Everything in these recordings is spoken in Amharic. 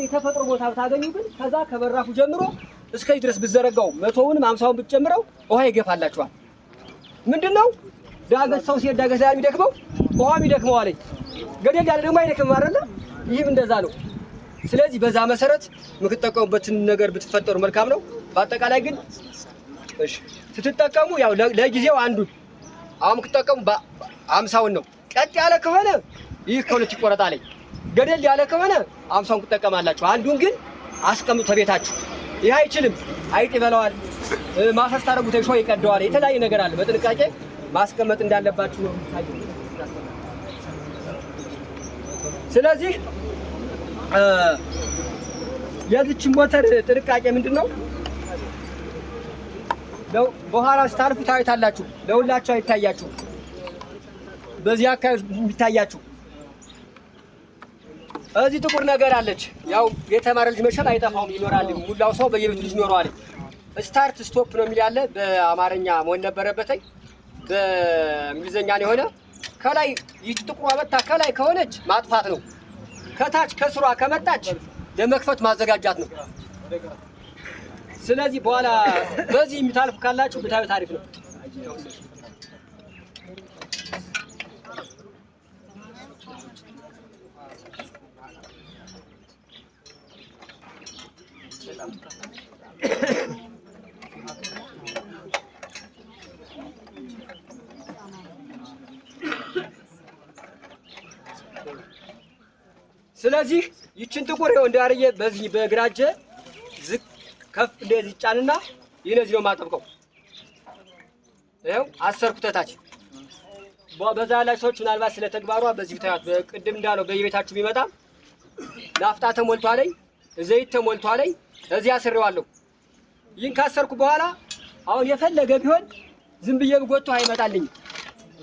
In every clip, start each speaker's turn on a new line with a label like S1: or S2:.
S1: የተፈጥሮ ቦታ ብታገኙ ግን ከዛ ከበራፉ ጀምሮ እስከዚህ ድረስ ብዘረጋው መቶውንም አምሳውን ብትጨምረው ውሃ ይገፋላችኋል። ምንድን ነው ዳገት ሰው ሲሄድ ዳገት ላይ የሚደክመው ውሃም ይደክመዋል። ገደል ያለ ደግሞ አይደክም አይደለ? ይህም እንደዛ ነው። ስለዚህ በዛ መሰረት የምትጠቀሙበትን ነገር ብትፈጠሩ መልካም ነው። በአጠቃላይ ግን እሺ ስትጠቀሙ ያው ለጊዜው አንዱን አሁን የምትጠቀሙ አምሳውን ነው። ቀጥ ያለ ከሆነ ይህ ከሁለት ይቆረጣለኝ። ገደል ያለ ከሆነ አምሳውን ትጠቀማላችሁ። አንዱን ግን አስቀምጡ ተቤታችሁ። ይህ አይችልም፣ አይጥ ይበላዋል። ማፈር ታደረጉት ሾ ይቀደዋል። የተለያየ ነገር አለ። በጥንቃቄ ማስቀመጥ እንዳለባችሁ ነው። ስለዚህ የዚችን ሞተር ጥንቃቄ ምንድን ነው? በኋላ ስታልፉ ታዩታላችሁ። ለሁላችሁ አይታያችሁ፣ በዚህ አካባቢ የሚታያችሁ እዚህ ጥቁር ነገር አለች። ያው የተማረ ልጅ መቼም አይጠፋውም፣ ይኖራል። ሙላው ሰው በየቤቱ ልጅ ይኖረዋል። ስታርት ስቶፕ ነው የሚል ያለ በአማርኛ መሆን ነበረበትኝ፣ በእንግሊዝኛ ነው የሆነ። ከላይ ይህች ጥቁሯ መታ ከላይ ከሆነች ማጥፋት ነው፣ ከታች ከስሯ ከመጣች ለመክፈት ማዘጋጃት ነው። ስለዚህ በኋላ በዚህ የሚታልፉ ካላችሁ ብታዩ ታሪፍ ነው። ስለዚህ ይችን ጥቁር ይኸው እንዳርየ በዚህ በግራጀ ዝቅ ከፍ እንደዚህ ጫንና ይነዚህ ነው የማጠብቀው። ይኸው አሰርኩተታች በዛ ላይ ሰዎች ምናልባት ስለ ተግባሯ በዚህ ታያት። በቅድም እንዳለው በየቤታችሁ ቢመጣ ናፍጣ ተሞልቷለኝ፣ ዘይት ተሞልቷለኝ፣ እዚህ አስሬዋለሁ። ይህን ካሰርኩ በኋላ አሁን የፈለገ ቢሆን ዝም ብዬ ብጎቶ አይመጣልኝ።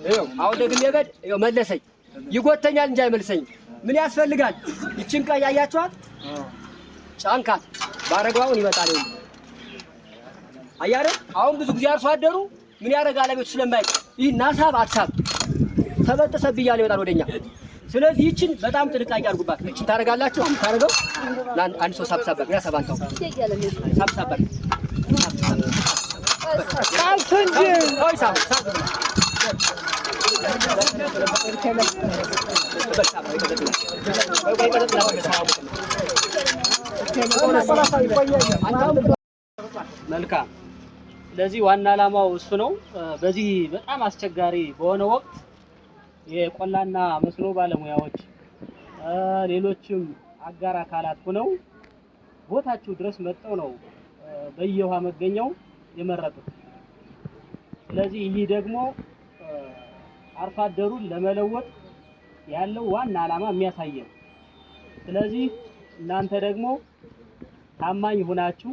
S1: ይኸው አሁን ደግሜ በድ ይኸው መለሰኝ። ይጎተኛል እንጂ አይመልሰኝም። ምን ያስፈልጋል? ይችን ቀይ አያችኋት? ጫንካት ባረጋውን ይመጣል። ይሁን አያረ አሁን ብዙ ጊዜ አርሶ አደሩ ምን ያደርጋል? ቤቱ ስለማይቅ ይህ ናሳብ አትሳብ ተበጥሰብ እያለ ይመጣል ወደኛ። ስለዚህ ይችን በጣም ጥንቃቄ አድርጉባት። ይችን ታደርጋላችሁ። አሁን ላን አንድ ሰው ሳብሳበር ያሰባንታው ሳብሳበር ሳብሳበር ሳብሳበር
S2: መልካም። ስለዚህ ዋና አላማው እሱ ነው። በዚህ በጣም አስቸጋሪ በሆነ ወቅት የቆላና መስኖ ባለሙያዎች ሌሎችም አጋር አካላት ሆነው ቦታችሁ ድረስ መጥተው ነው በየውሃ መገኘው የመረጡት። ስለዚህ ይህ ደግሞ አርሶ አደሩን ለመለወጥ ያለው ዋና ዓላማ የሚያሳየ ነው። ስለዚህ እናንተ ደግሞ ታማኝ ሆናችሁ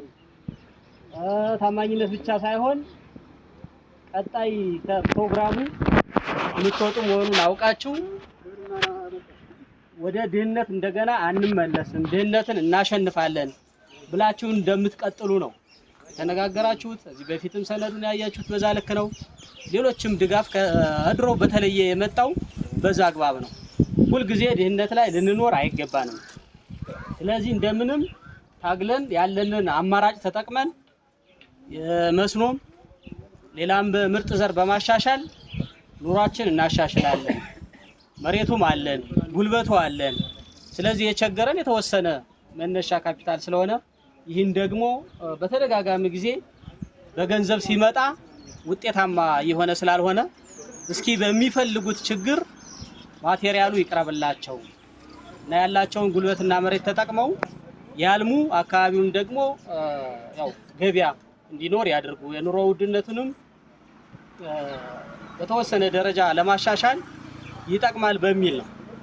S2: ታማኝነት ብቻ ሳይሆን ቀጣይ ከፕሮግራሙ የምትወጡ መሆኑን አውቃችሁ ወደ ድህነት እንደገና አንመለስም፣ ድህነትን እናሸንፋለን ብላችሁ እንደምትቀጥሉ ነው። ተነጋገራችሁት። እዚህ በፊትም ሰነዱን ያያችሁት በዛ ልክ ነው። ሌሎችም ድጋፍ ከድሮ በተለየ የመጣው በዛ አግባብ ነው። ሁልጊዜ ድህነት ላይ ልንኖር አይገባንም። ስለዚህ እንደምንም ታግለን ያለንን አማራጭ ተጠቅመን የመስኖም ሌላም በምርጥ ዘር በማሻሻል ኑሯችን እናሻሽላለን። መሬቱም አለን፣ ጉልበቱ አለን። ስለዚህ የቸገረን የተወሰነ መነሻ ካፒታል ስለሆነ ይህን ደግሞ በተደጋጋሚ ጊዜ በገንዘብ ሲመጣ ውጤታማ የሆነ ስላልሆነ እስኪ በሚፈልጉት ችግር ማቴሪያሉ ይቅረብላቸው እና ያላቸውን ጉልበትና መሬት ተጠቅመው ያልሙ፣ አካባቢውን ደግሞ ያው ገበያ እንዲኖር ያድርጉ። የኑሮ ውድነቱንም በተወሰነ ደረጃ ለማሻሻል ይጠቅማል በሚል ነው።